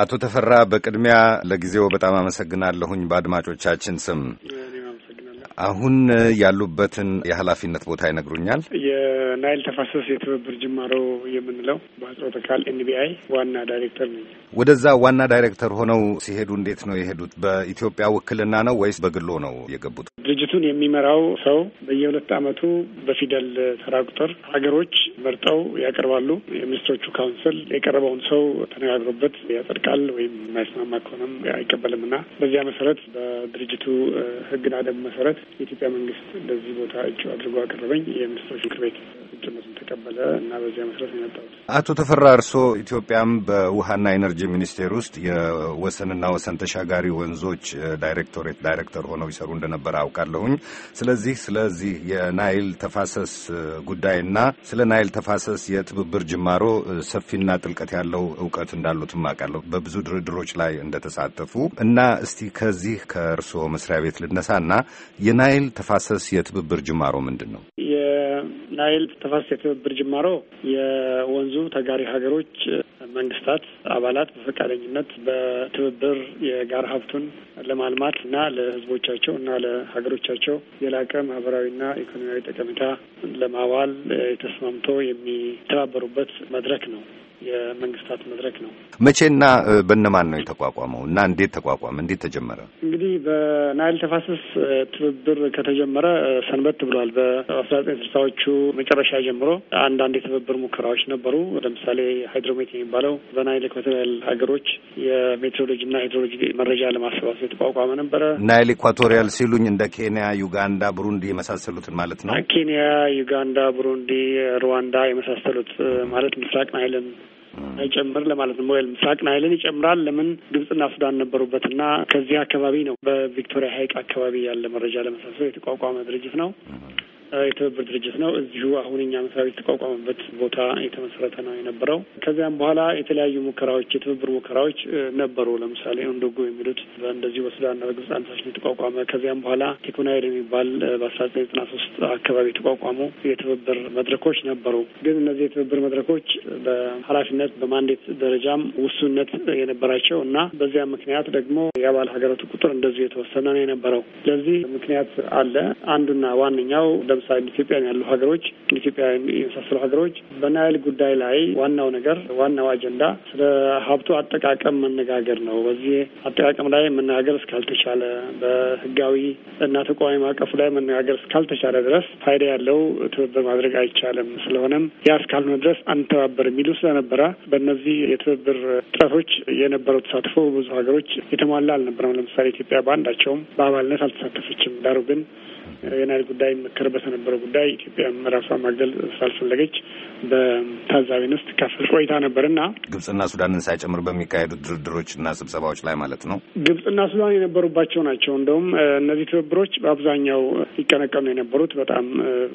አቶ ተፈራ በቅድሚያ ለጊዜው በጣም አመሰግናለሁኝ በአድማጮቻችን ስም። አሁን ያሉበትን የኃላፊነት ቦታ ይነግሩኛል? የናይል ተፋሰስ የትብብር ጅማሮ የምንለው በአጽሮተ ቃል ኤንቢአይ ዋና ዳይሬክተር ነኝ። ወደዛ ዋና ዳይሬክተር ሆነው ሲሄዱ እንዴት ነው የሄዱት? በኢትዮጵያ ውክልና ነው ወይስ በግሎ ነው የገቡት? ድርጅቱን የሚመራው ሰው በየሁለት ዓመቱ በፊደል ተራ ቁጥር ሀገሮች መርጠው ያቀርባሉ። የሚኒስትሮቹ ካውንስል የቀረበውን ሰው ተነጋግሮበት ያጸድቃል ወይም የማይስማማ ከሆነም አይቀበልም እና በዚያ መሰረት በድርጅቱ ሕግና ደንብ መሰረት የኢትዮጵያ መንግስት ለዚህ ቦታ እጩ አድርጎ አቀረበኝ። የሚኒስትሮች ምክር ቤት እጩነቱን ተቀበለ እና በዚያ መሰረት ነው የመጣሁት። አቶ ተፈራ እርስዎ ኢትዮጵያም በውሃና ኤነርጂ ሚኒስቴር ውስጥ የወሰንና ወሰን ተሻጋሪ ወንዞች ዳይሬክቶሬት ዳይሬክተር ሆነው ይሰሩ እንደነበረ አውቃለሁኝ። ስለዚህ ስለዚህ የናይል ተፋሰስ ጉዳይና ስለ ናይል ተፋሰስ የትብብር ጅማሮ ሰፊና ጥልቀት ያለው እውቀት እንዳሉትም አውቃለሁ በብዙ ድርድሮች ላይ እንደተሳተፉ እና እስቲ ከዚህ ከእርስዎ መስሪያ ቤት ልነሳና የናይል ተፋሰስ የትብብር ጅማሮ ምንድን ነው? የናይል ተፋሰስ የትብብር ጅማሮ የወንዙ ተጋሪ ሀገሮች መንግስታት አባላት በፈቃደኝነት በትብብር የጋራ ሀብቱን ለማልማት እና ለህዝቦቻቸው እና ለሀገሮቻቸው የላቀ ማህበራዊና ኢኮኖሚያዊ ጠቀሜታ ለማዋል ተስማምቶ የሚተባበሩበት መድረክ ነው። የመንግስታት መድረክ ነው። መቼና በነማን ነው የተቋቋመው እና እንዴት ተቋቋመ? እንዴት ተጀመረ? እንግዲህ በናይል ተፋሰስ ትብብር ከተጀመረ ሰንበት ብሏል። በአስራ ዘጠኝ ስልሳዎቹ መጨረሻ ጀምሮ አንዳንድ የትብብር ሙከራዎች ነበሩ። ለምሳሌ ሃይድሮሜት የሚባለው በናይል ኢኳቶሪያል ሀገሮች የሜትሮሎጂና ሃይድሮሎጂ መረጃ ለማሰባሰብ የተቋቋመ ነበረ። ናይል ኢኳቶሪያል ሲሉኝ እንደ ኬንያ፣ ዩጋንዳ፣ ብሩንዲ የመሳሰሉትን ማለት ነው። ኬንያ፣ ዩጋንዳ፣ ቡሩንዲ፣ ሩዋንዳ የመሳሰሉት ማለት ምስራቅ ናይልን አይጨምር ለማለት ነው። ወይም ምስራቅ ናይልን ይጨምራል። ለምን ግብጽና ሱዳን ነበሩበት እና ከዚህ አካባቢ ነው በቪክቶሪያ ሀይቅ አካባቢ ያለ መረጃ ለመሳሰብ የተቋቋመ ድርጅት ነው የትብብር ድርጅት ነው። እዚሁ አሁን እኛ መስሪያ ቤት የተቋቋመበት ቦታ የተመሰረተ ነው የነበረው። ከዚያም በኋላ የተለያዩ ሙከራዎች፣ የትብብር ሙከራዎች ነበሩ። ለምሳሌ ኡንዶጎ የሚሉት እንደዚሁ በሱዳንና በግብጽ አነሳሽነት የተቋቋመ ከዚያም በኋላ ቴኮናይድ የሚባል በአስራ ዘጠኝ ዘጠና ሶስት አካባቢ የተቋቋሙ የትብብር መድረኮች ነበሩ። ግን እነዚህ የትብብር መድረኮች በኃላፊነት በማንዴት ደረጃም ውሱነት የነበራቸው እና በዚያ ምክንያት ደግሞ የአባል ሀገራቱ ቁጥር እንደዚሁ የተወሰነ ነው የነበረው። ለዚህ ምክንያት አለ። አንዱና ዋነኛው ለምሳሌ ኢትዮጵያን ያሉ ሀገሮች ኢትዮጵያ የመሳሰሉ ሀገሮች በናይል ጉዳይ ላይ ዋናው ነገር ዋናው አጀንዳ ስለ ሀብቱ አጠቃቀም መነጋገር ነው። በዚህ አጠቃቀም ላይ መነጋገር እስካልተቻለ በህጋዊ እና ተቋሚ ማዕቀፉ ላይ መነጋገር እስካልተቻለ ድረስ ፋይዳ ያለው ትብብር ማድረግ አይቻልም። ስለሆነም ያ እስካልሆነ ድረስ አንተባበር የሚሉ ስለነበረ በእነዚህ የትብብር ጥረቶች የነበረው ተሳትፎ ብዙ ሀገሮች የተሟላ አልነበረም። ለምሳሌ ኢትዮጵያ በአንዳቸውም በአባልነት አልተሳተፈችም። ዳሩ ግን የናይል ጉዳይ መከርበት የነበረው ጉዳይ ኢትዮጵያ ራሷን ሳልፈለገች ስላልፈለገች በታዛቢነት ስትካፈል ቆይታ ነበር እና ግብጽና ሱዳንን ሳይጨምር በሚካሄዱት ድርድሮች እና ስብሰባዎች ላይ ማለት ነው ግብጽና ሱዳን የነበሩባቸው ናቸው። እንደውም እነዚህ ትብብሮች በአብዛኛው ይቀነቀኑ የነበሩት በጣም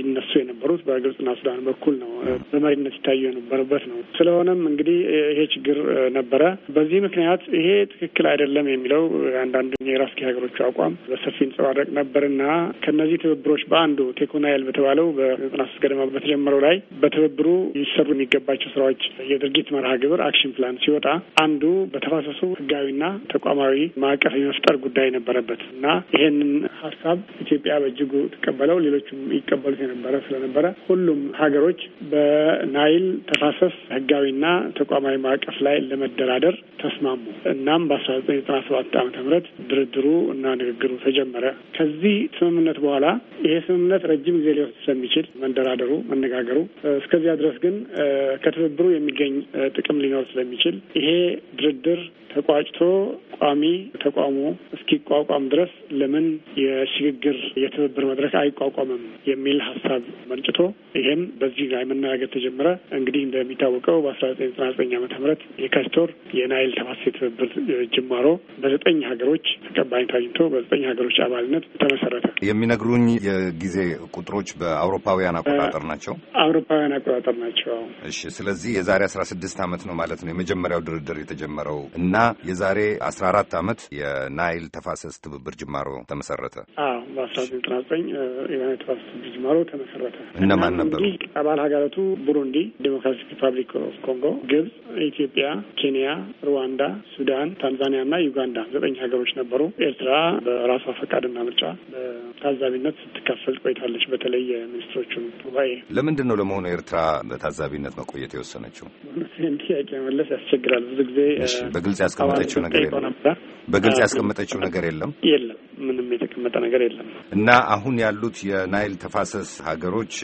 ይነሱ የነበሩት በግብጽና ሱዳን በኩል ነው፣ በመሪነት ይታዩ የነበሩበት ነው። ስለሆነም እንግዲህ ይሄ ችግር ነበረ። በዚህ ምክንያት ይሄ ትክክል አይደለም የሚለው አንዳንድ የራስጌ ሀገሮቹ አቋም በሰፊ ይንጸባረቅ ነበርና ከነዚህ እነዚህ ትብብሮች በአንዱ ቴኮናይል በተባለው በዘጠና ሶስት ገደማ በተጀመረው ላይ በትብብሩ ሊሰሩ የሚገባቸው ስራዎች የድርጊት መርሃ ግብር አክሽን ፕላን ሲወጣ አንዱ በተፋሰሱ ህጋዊና ተቋማዊ ማዕቀፍ የመፍጠር ጉዳይ ነበረበት እና ይሄንን ሀሳብ ኢትዮጵያ በእጅጉ ትቀበለው ሌሎችም ይቀበሉት የነበረ ስለነበረ ሁሉም ሀገሮች በናይል ተፋሰስ ህጋዊና ተቋማዊ ማዕቀፍ ላይ ለመደራደር ተስማሙ። እናም በአስራ ዘጠኝ ዘጠና ሰባት ዓመተ ምህረት ድርድሩ እና ንግግሩ ተጀመረ። ከዚህ ስምምነት በኋላ በኋላ ይሄ ስምምነት ረጅም ጊዜ ሊወስድ ስለሚችል መንደራደሩ፣ መነጋገሩ እስከዚያ ድረስ ግን ከትብብሩ የሚገኝ ጥቅም ሊኖር ስለሚችል ይሄ ድርድር ተቋጭቶ ቋሚ ተቋሙ እስኪቋቋም ድረስ ለምን የሽግግር የትብብር መድረክ አይቋቋምም የሚል ሀሳብ መንጭቶ ይሄም በዚህ ላይ መነጋገር ተጀመረ። እንግዲህ እንደሚታወቀው በአስራ ዘጠኝ ዘጠና ዘጠኝ ዓመተ ምህረት የካስቶር የናይል ተፋሰስ የትብብር ጅማሮ በዘጠኝ ሀገሮች ተቀባይነት አግኝቶ በዘጠኝ ሀገሮች አባልነት ተመሰረተ። የሚነግሩ ያሉኝ የጊዜ ቁጥሮች በአውሮፓውያን አቆጣጠር ናቸው? አውሮፓውያን አቆጣጠር ናቸው። እሺ። ስለዚህ የዛሬ አስራ ስድስት ዓመት ነው ማለት ነው የመጀመሪያው ድርድር የተጀመረው እና የዛሬ አስራ አራት ዓመት የናይል ተፋሰስ ትብብር ጅማሮ ተመሰረተ። አዎ፣ በአስራ ዘጠና ዘጠኝ የናይል ተፋሰስ ጅማሮ ተመሰረተ። እነማን ነበሩ አባል ሀገራቱ? ቡሩንዲ፣ ዴሞክራቲክ ሪፐብሊክ ኦፍ ኮንጎ፣ ግብጽ፣ ኢትዮጵያ፣ ኬንያ፣ ሩዋንዳ፣ ሱዳን፣ ታንዛኒያ እና ዩጋንዳ ዘጠኝ ሀገሮች ነበሩ። ኤርትራ በራሷ ፈቃድና ምርጫ በታዛቢ በታዛቢነት ስትካፈል ቆይታለች። በተለይ የሚኒስትሮቹን ጉባኤ ለምንድን ነው ለመሆኑ ኤርትራ በታዛቢነት መቆየት የወሰነችው? ይህን ጥያቄ መለስ ያስቸግራል። ብዙ ጊዜ በግልጽ ያስቀመጠችው ነገር የለም። በግልጽ ያስቀመጠችው ነገር የለም የለም ምንም የተቀመጠ ነገር የለም እና አሁን ያሉት የናይል ተፋሰስ ሀገሮች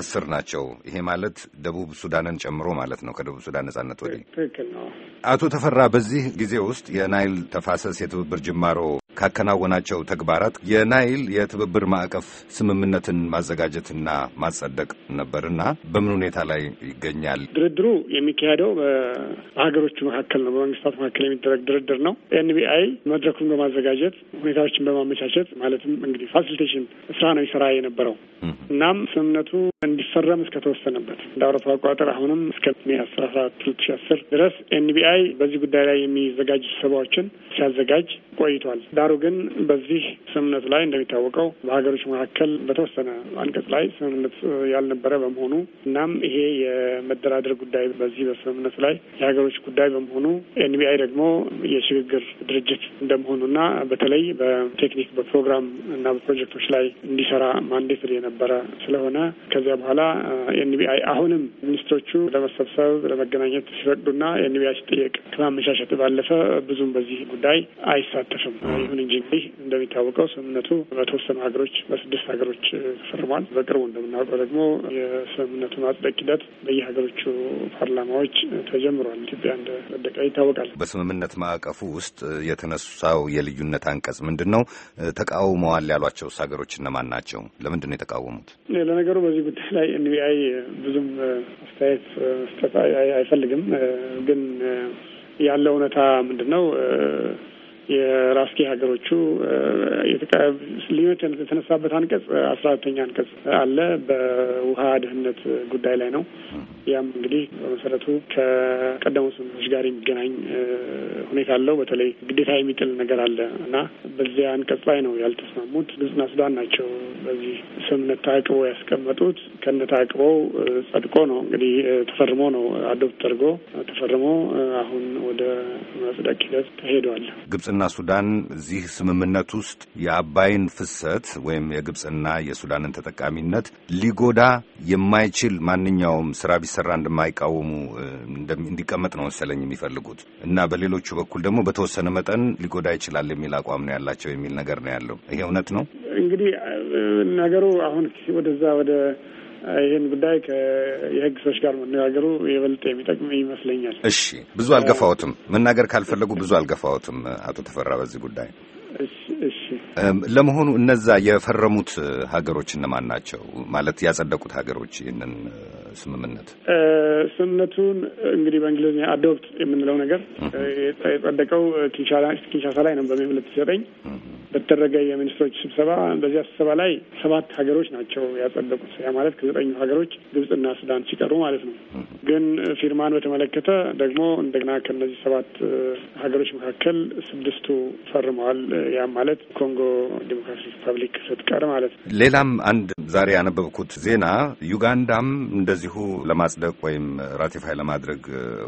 አስር ናቸው። ይሄ ማለት ደቡብ ሱዳንን ጨምሮ ማለት ነው። ከደቡብ ሱዳን ነጻነት ወዲህ ትክክል ነው። አቶ ተፈራ በዚህ ጊዜ ውስጥ የናይል ተፋሰስ የትብብር ጅማሮ ካከናወናቸው ተግባራት የናይል የትብብር ማዕቀፍ ስምምነትን ማዘጋጀትና ማጸደቅ ነበርና በምን ሁኔታ ላይ ይገኛል? ድርድሩ የሚካሄደው በሀገሮቹ መካከል ነው፣ በመንግስታት መካከል የሚደረግ ድርድር ነው። ኤንቢአይ መድረኩን በማዘጋጀት ሁኔታዎችን በማመቻቸት ማለትም እንግዲህ ፋሲሊቴሽን ስራ ነው ይሰራ የነበረው። እናም ስምምነቱ እንዲፈረም እስከተወሰነበት እንደ አውሮፓ አቆጣጠር አሁንም እስከ ሜ አስራ አራት ሁለት ሺ አስር ድረስ ኤንቢአይ በዚህ ጉዳይ ላይ የሚዘጋጅ ስብሰባዎችን ሲያዘጋጅ ቆይቷል። ዳሩ ግን በዚህ ስምምነቱ ላይ እንደሚታወቀው በሀገሮች መካከል በተወሰነ አንቀጽ ላይ ስምምነት ያልነበረ በመሆኑ እናም ይሄ የመደራደር ጉዳይ በዚህ በስምምነት ላይ የሀገሮች ጉዳይ በመሆኑ ኤንቢአይ ደግሞ የሽግግር ድርጅት እንደመሆኑና በተለይ በቴክኒክ በፕሮግራም እና በፕሮጀክቶች ላይ እንዲሰራ ማንዴት የነበረ ስለሆነ ከዚያ በኋላ ኤንቢአይ አሁንም ሚኒስትሮቹ ለመሰብሰብ ለመገናኘት ሲፈቅዱና ኤንቢአይ ሲጠየቅ ከማመቻቸት ባለፈ ብዙም በዚህ ጉዳይ አይሳተፍም። ይሁን እንጂ ይህ እንደሚታወቀው ስምምነቱ በተወሰኑ ሀገሮች በስድስት ሀገሮች ተፈርሟል። በቅርቡ እንደምናውቀው ደግሞ የስምምነቱ ማጽደቅ ሂደት በየሀገሮቹ ፓርላማዎች ተጀምሯል። ኢትዮጵያ እንደጸደቀ ይታወቃል። በስምምነት ማዕቀፉ ውስጥ የተነሳው የልዩነት አንቀጽ ምንድን ነው? ተቃውመዋል ያሏቸው ሀገሮች እነማን ናቸው? ለምንድን ነው የተቃወሙት? ለነገሩ በዚህ ጉዳይ ላይ ኤንቢአይ ብዙም አስተያየት መስጠት አይፈልግም። ግን ያለው እውነታ ምንድን ነው? የራስጌ ሀገሮቹ ልዩነት የተነሳበት አንቀጽ አስራ ሁለተኛ አንቀጽ አለ። በውሃ ደህንነት ጉዳይ ላይ ነው። ያም እንግዲህ በመሰረቱ ከቀደሙ ስምምነቶች ጋር የሚገናኝ ሁኔታ አለው። በተለይ ግዴታ የሚጥል ነገር አለ እና በዚያ አንቀጽ ላይ ነው ያልተስማሙት። ግብጽና ሱዳን ናቸው በዚህ ስምምነት ታቅቦ ያስቀመጡት። ከነ ታቅቦው ጸድቆ ነው እንግዲህ ተፈርሞ ነው አዶፕት ተደርጎ ተፈርሞ አሁን ወደ መጽደቅ ሂደት ተሄደዋል። ግብፅና ሱዳን እዚህ ስምምነት ውስጥ የአባይን ፍሰት ወይም የግብፅና የሱዳንን ተጠቃሚነት ሊጎዳ የማይችል ማንኛውም ስራ ቢሰራ እንደማይቃወሙ እንዲቀመጥ ነው መሰለኝ የሚፈልጉት እና በሌሎቹ በኩል ደግሞ በተወሰነ መጠን ሊጎዳ ይችላል የሚል አቋም ነው ያላቸው የሚል ነገር ነው ያለው። ይሄ እውነት ነው። እንግዲህ ነገሩ አሁን ወደዛ ወደ ይህን ጉዳይ የህግ ሰዎች ጋር መነጋገሩ የበልጥ የሚጠቅም ይመስለኛል። እሺ፣ ብዙ አልገፋዎትም። መናገር ካልፈለጉ ብዙ አልገፋዎትም። አቶ ተፈራ በዚህ ጉዳይ ለመሆኑ እነዛ የፈረሙት ሀገሮች እነማን ናቸው? ማለት ያጸደቁት ሀገሮች ይህንን ስምምነት? ስምምነቱን እንግዲህ በእንግሊዝኛ አዶፕት የምንለው ነገር የጸደቀው ኪንሻሳ ላይ ነው በሜ ሁለት ዘጠኝ በተደረገ የሚኒስትሮች ስብሰባ። በዚያ ስብሰባ ላይ ሰባት ሀገሮች ናቸው ያጸደቁት። ያ ማለት ከዘጠኙ ሀገሮች ግብጽና ሱዳን ሲቀሩ ማለት ነው። ግን ፊርማን በተመለከተ ደግሞ እንደገና ከነዚህ ሰባት ሀገሮች መካከል ስድስቱ ፈርመዋል። ያ ማለት ኮንጎ ዲሞክራሲ ሪፐብሊክ ስትቀር ማለት ነው። ሌላም አንድ ዛሬ ያነበብኩት ዜና ዩጋንዳም እንደዚህ እንደዚሁ ለማጽደቅ ወይም ራቲፋይ ለማድረግ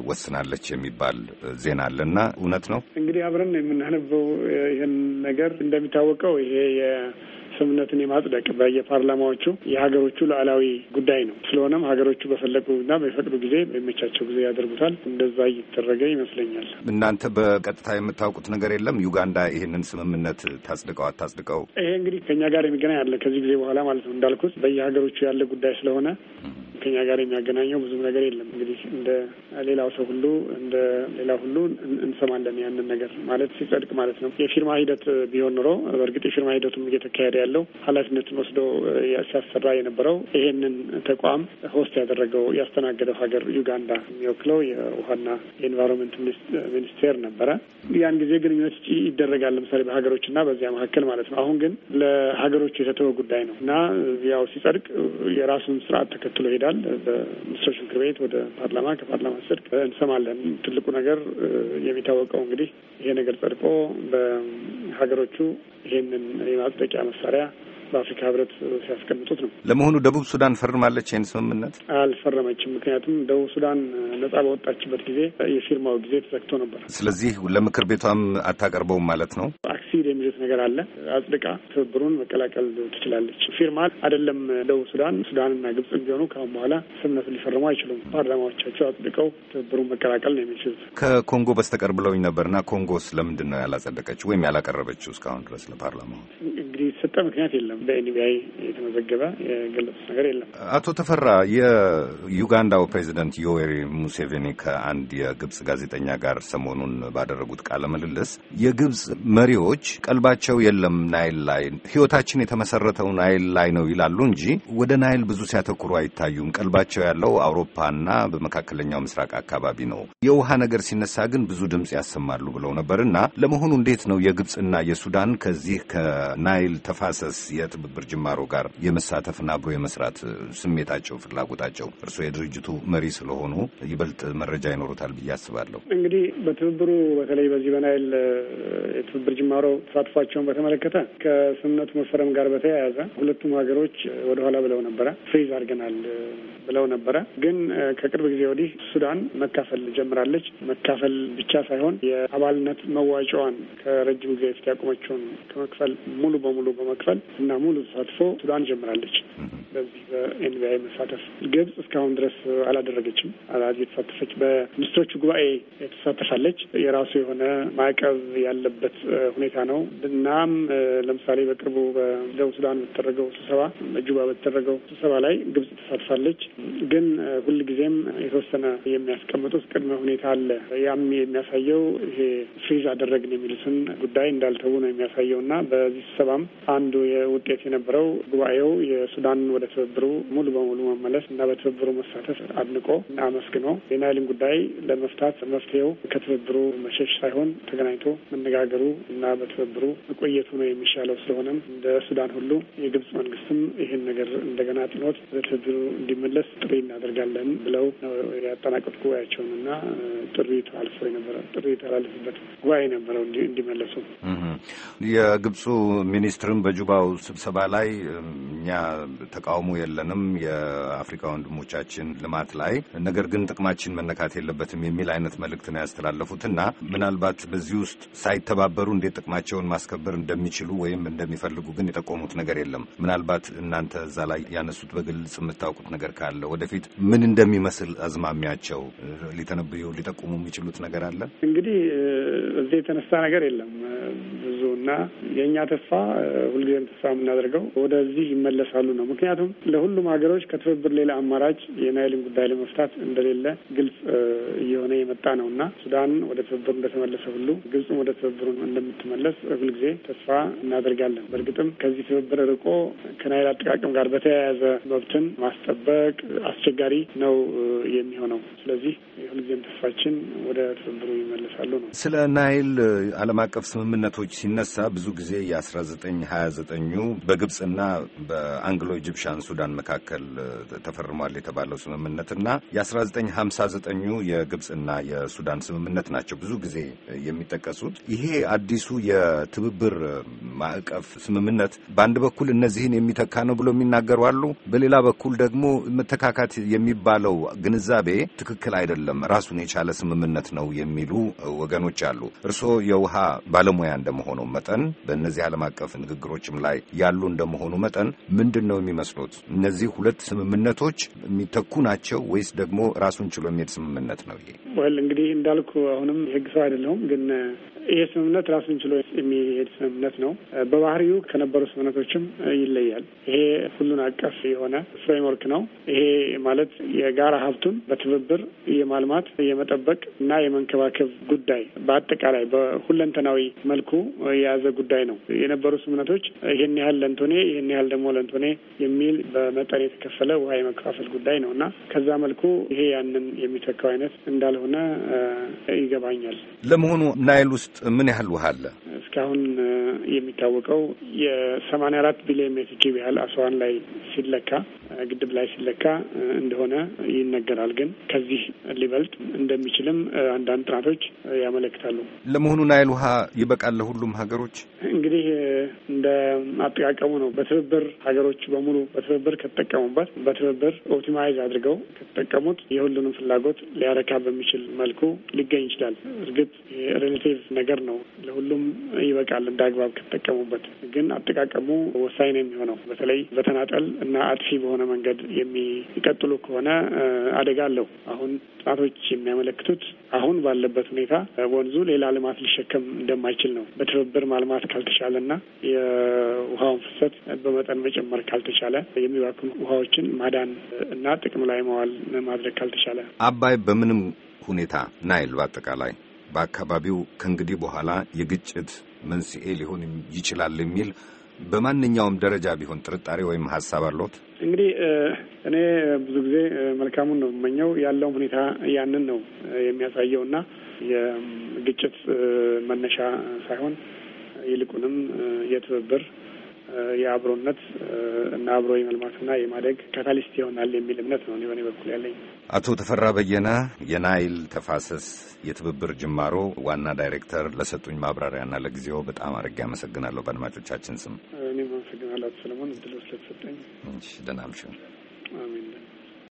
ወስናለች የሚባል ዜና አለ እና እውነት ነው እንግዲህ አብረን የምናነበው ይህን ነገር እንደሚታወቀው ይሄ ስምምነትን የማጽደቅ በየፓርላማዎቹ የሀገሮቹ ሉዓላዊ ጉዳይ ነው። ስለሆነም ሀገሮቹ በፈለጉ ና በፈቅዱ ጊዜ በሚመቻቸው ጊዜ ያደርጉታል። እንደዛ እየተደረገ ይመስለኛል። እናንተ በቀጥታ የምታውቁት ነገር የለም? ዩጋንዳ ይህንን ስምምነት ታጽድቀው አታጽድቀው? ይሄ እንግዲህ ከእኛ ጋር የሚገናኝ አለ ከዚህ ጊዜ በኋላ ማለት ነው። እንዳልኩት በየሀገሮቹ ያለ ጉዳይ ስለሆነ ከኛ ጋር የሚያገናኘው ብዙም ነገር የለም። እንግዲህ እንደ ሌላው ሰው ሁሉ እንደ ሌላው ሁሉ እንሰማለን ያንን ነገር ማለት ሲጸድቅ ማለት ነው። የፊርማ ሂደት ቢሆን ኖሮ በእርግጥ የፊርማ ሂደቱም እየተካሄደ ያለው ኃላፊነትን ወስዶ ሲያሰራ የነበረው ይሄንን ተቋም ሆስት ያደረገው ያስተናገደው ሀገር ዩጋንዳ የሚወክለው የውሃና የኤንቫይሮንመንት ሚኒስቴር ነበረ። ያን ጊዜ ግንኙነት ይደረጋል ለምሳሌ በሀገሮችና በዚያ መካከል ማለት ነው። አሁን ግን ለሀገሮቹ የተተወ ጉዳይ ነው እና ያው ሲጸድቅ የራሱን ስርዓት ተከትሎ ይሄዳል። ይጸድቃል። በሚኒስትሮች ምክር ቤት ወደ ፓርላማ፣ ከፓርላማ ስር እንሰማለን። ትልቁ ነገር የሚታወቀው እንግዲህ ይሄ ነገር ጸድቆ በሀገሮቹ ይህንን የማጽደቂያ መሳሪያ በአፍሪካ ህብረት ሲያስቀምጡት ነው። ለመሆኑ ደቡብ ሱዳን ፈርማለች ይህን ስምምነት? አልፈረመችም። ምክንያቱም ደቡብ ሱዳን ነጻ በወጣችበት ጊዜ የፊርማው ጊዜ ተዘግቶ ነበር። ስለዚህ ለምክር ቤቷም አታቀርበውም ማለት ነው። አክሲድ የሚሉት ነገር አለ። አጽድቃ ትብብሩን መቀላቀል ትችላለች። ፊርማ አይደለም ደቡብ ሱዳን ሱዳንና ግብጽ ቢሆኑ ከአሁን በኋላ ስምምነቱን ሊፈርሙ አይችሉም። ፓርላማዎቻቸው አጽድቀው ትብብሩን መቀላቀል ነው የሚችሉት። ከኮንጎ በስተቀር ብለውኝ ነበርና ኮንጎስ ለምንድን ነው ያላጸደቀችው ወይም ያላቀረበችው እስካሁን ድረስ ለፓርላማ? እንግዲህ የተሰጠ ምክንያት የለም በኤንቢአይ የተመዘገበ የገለጹት ነገር የለም። አቶ ተፈራ የዩጋንዳው ፕሬዚደንት ዮዌሪ ሙሴቬኒ ከአንድ የግብጽ ጋዜጠኛ ጋር ሰሞኑን ባደረጉት ቃለ ምልልስ የግብጽ መሪዎች ቀልባቸው የለም ናይል ላይ ህይወታችን የተመሰረተው ናይል ላይ ነው ይላሉ እንጂ ወደ ናይል ብዙ ሲያተኩሩ አይታዩም። ቀልባቸው ያለው አውሮፓና በመካከለኛው ምስራቅ አካባቢ ነው። የውሃ ነገር ሲነሳ ግን ብዙ ድምፅ ያሰማሉ ብለው ነበር እና ለመሆኑ እንዴት ነው የግብፅና የሱዳን ከዚህ ከናይል ተፋሰስ የትብብር ጅማሮ ጋር የመሳተፍና አብሮ የመስራት ስሜታቸው፣ ፍላጎታቸው እርስዎ የድርጅቱ መሪ ስለሆኑ ይበልጥ መረጃ ይኖሩታል ብዬ አስባለሁ። እንግዲህ በትብብሩ በተለይ በዚህ በናይል የትብብር ጅማሮ ተሳትፏቸውን በተመለከተ ከስምምነቱ መፈረም ጋር በተያያዘ ሁለቱም ሀገሮች ወደኋላ ብለው ነበረ፣ ፍሪዝ አድርገናል ብለው ነበረ። ግን ከቅርብ ጊዜ ወዲህ ሱዳን መካፈል ጀምራለች። መካፈል ብቻ ሳይሆን የአባልነት መዋጫዋን ከረጅም ጊዜ ፊት ያቆመችውን ከመክፈል ሙሉ በሙሉ በመክፈል እና ሙሉ ተሳትፎ ሱዳን ጀምራለች። በዚህ በኤንቢአይ መሳተፍ ግብጽ እስካሁን ድረስ አላደረገችም፣ እየተሳተፈች በሚኒስትሮቹ ጉባኤ ተሳተፋለች። የራሱ የሆነ ማዕቀብ ያለበት ሁኔታ ነው። እናም ለምሳሌ በቅርቡ በደቡብ ሱዳን በተደረገው ስብሰባ፣ በጁባ በተደረገው ስብሰባ ላይ ግብጽ ተሳትፋለች። ግን ሁልጊዜም የተወሰነ የሚያስቀምጡት ቅድመ ሁኔታ አለ። ያም የሚያሳየው ይሄ ፍሪዝ አደረግን የሚሉትን ጉዳይ እንዳልተዉ ነው የሚያሳየው እና በዚህ ስብሰባም አንዱ ውጤት የነበረው ጉባኤው የሱዳንን ወደ ትብብሩ ሙሉ በሙሉ መመለስ እና በትብብሩ መሳተፍ አድንቆ እና አመስግኖ የናይልን ጉዳይ ለመፍታት መፍትሄው ከትብብሩ መሸሽ ሳይሆን ተገናኝቶ መነጋገሩ እና በትብብሩ መቆየቱ ነው የሚሻለው። ስለሆነም እንደ ሱዳን ሁሉ የግብጽ መንግስትም ይህን ነገር አጥኖት ድርድሩ እንዲመለስ ጥሪ እናደርጋለን ብለው ነው ያጠናቀቁት ጉባኤያቸውን እና ጥሪ ተላልፎ የነበረ ጥሪ የተላለፍበት ጉባኤ ነበረው እንዲመለሱ። የግብፁ ሚኒስትርም በጁባው ስብሰባ ላይ እኛ ተቃውሞ የለንም የአፍሪካ ወንድሞቻችን ልማት ላይ ነገር ግን ጥቅማችን መነካት የለበትም የሚል አይነት መልእክት ነው ያስተላለፉት እና ምናልባት በዚህ ውስጥ ሳይተባበሩ እንዴት ጥቅማቸውን ማስከበር እንደሚችሉ ወይም እንደሚፈልጉ ግን የጠቆሙት ነገር የለም። ምናልባት እናንተ እዛ ላይ ያነሱ ያነሱት በግልጽ የምታውቁት ነገር ካለ ወደፊት ምን እንደሚመስል አዝማሚያቸው ሊተነብዩ ሊጠቁሙ የሚችሉት ነገር አለ? እንግዲህ እዚህ የተነሳ ነገር የለም። እና የእኛ ተስፋ ሁልጊዜም ተስፋ የምናደርገው ወደዚህ ይመለሳሉ ነው። ምክንያቱም ለሁሉም ሀገሮች ከትብብር ሌላ አማራጭ የናይልን ጉዳይ ለመፍታት እንደሌለ ግልጽ እየሆነ የመጣ ነው እና ሱዳን ወደ ትብብሩ እንደተመለሰ ሁሉ ግብፅም ወደ ትብብሩ እንደምትመለስ ሁልጊዜ ተስፋ እናደርጋለን። በእርግጥም ከዚህ ትብብር ርቆ ከናይል አጠቃቀም ጋር በተያያዘ መብትን ማስጠበቅ አስቸጋሪ ነው የሚሆነው። ስለዚህ ሁልጊዜም ተስፋችን ወደ ትብብሩ ይመለሳሉ ነው። ስለ ናይል ዓለም አቀፍ ስምምነቶች ሲነሳ ሲነሳ ብዙ ጊዜ የ1929ኙ በግብፅና በአንግሎ ኢጅፕሽያን ሱዳን መካከል ተፈርሟል የተባለው ስምምነትና የ1959ኙ የግብፅና የሱዳን ስምምነት ናቸው ብዙ ጊዜ የሚጠቀሱት። ይሄ አዲሱ የትብብር ማዕቀፍ ስምምነት በአንድ በኩል እነዚህን የሚተካ ነው ብሎ የሚናገሩ አሉ። በሌላ በኩል ደግሞ መተካካት የሚባለው ግንዛቤ ትክክል አይደለም፣ ራሱን የቻለ ስምምነት ነው የሚሉ ወገኖች አሉ። እርስዎ የውሃ ባለሙያ እንደመሆነው መጠን በእነዚህ ዓለም አቀፍ ንግግሮችም ላይ ያሉ እንደመሆኑ መጠን ምንድን ነው የሚመስሉት እነዚህ ሁለት ስምምነቶች የሚተኩ ናቸው ወይስ ደግሞ ራሱን ችሎ የሚሄድ ስምምነት ነው? ይሄ እንግዲህ እንዳልኩ አሁንም የህግ ሰው አይደለሁም ግን ይህ ስምምነት ራሱን ችሎ የሚሄድ ስምምነት ነው። በባህሪው ከነበሩ ስምምነቶችም ይለያል። ይሄ ሁሉን አቀፍ የሆነ ፍሬምወርክ ነው። ይሄ ማለት የጋራ ሀብቱን በትብብር የማልማት የመጠበቅ እና የመንከባከብ ጉዳይ በአጠቃላይ በሁለንተናዊ መልኩ የያዘ ጉዳይ ነው። የነበሩ ስምምነቶች ይህን ያህል ለንቶኔ፣ ይህን ያህል ደግሞ ለንቶኔ የሚል በመጠን የተከፈለ ውሃ የመከፋፈል ጉዳይ ነው እና ከዛ መልኩ ይሄ ያንን የሚተካው አይነት እንዳልሆነ ይገባኛል። ለመሆኑ ናይል ውስጥ ውስጥ ምን ያህል ውሃ አለ? እስካሁን የሚታወቀው የሰማንያ አራት ቢሊዮን ሜትር ኪዩብ ያህል አስዋን ላይ ሲለካ ግድብ ላይ ሲለካ እንደሆነ ይነገራል። ግን ከዚህ ሊበልጥ እንደሚችልም አንዳንድ ጥናቶች ያመለክታሉ። ለመሆኑ ናይል ውሃ ይበቃል ለሁሉም ሀገሮች? እንግዲህ እንደ አጠቃቀሙ ነው። በትብብር ሀገሮች በሙሉ በትብብር ከተጠቀሙበት፣ በትብብር ኦፕቲማይዝ አድርገው ከተጠቀሙት የሁሉንም ፍላጎት ሊያረካ በሚችል መልኩ ሊገኝ ይችላል። እርግጥ ሬሌቲቭ ነገር ነው። ለሁሉም ይበቃል እንደ አግባብ ከተጠቀሙበት። ግን አጠቃቀሙ ወሳኝ ነው የሚሆነው። በተለይ በተናጠል እና አጥፊ በሆነ መንገድ የሚቀጥሉ ከሆነ አደጋ አለው። አሁን ጥናቶች የሚያመለክቱት አሁን ባለበት ሁኔታ ወንዙ ሌላ ልማት ሊሸከም እንደማይችል ነው። በትብብር ማልማት ካልተቻለና የውሃውን ፍሰት በመጠን መጨመር ካልተቻለ የሚባክኑ ውሃዎችን ማዳን እና ጥቅም ላይ መዋል ማድረግ ካልተቻለ አባይ በምንም ሁኔታ ናይል በአጠቃላይ በአካባቢው ከእንግዲህ በኋላ የግጭት መንስኤ ሊሆን ይችላል የሚል በማንኛውም ደረጃ ቢሆን ጥርጣሬ ወይም ሀሳብ አለት እንግዲህ እኔ ብዙ ጊዜ መልካሙን ነው የምመኘው። ያለው ሁኔታ ያንን ነው የሚያሳየው እና የግጭት መነሻ ሳይሆን ይልቁንም የትብብር የአብሮነት እና አብሮ የመልማትና የማደግ ካታሊስት ይሆናል የሚል እምነት ነው በእኔ በኩል ያለኝ። አቶ ተፈራ በየነ የናይል ተፋሰስ የትብብር ጅማሮ ዋና ዳይሬክተር ለሰጡኝ ማብራሪያና ለጊዜው በጣም አድርጌ አመሰግናለሁ። በአድማጮቻችን ስም እኔም አመሰግናለሁ። አቶ ሰለሞን እድሉ ስለተሰጠኝ ደህና አምሹ። አሜን።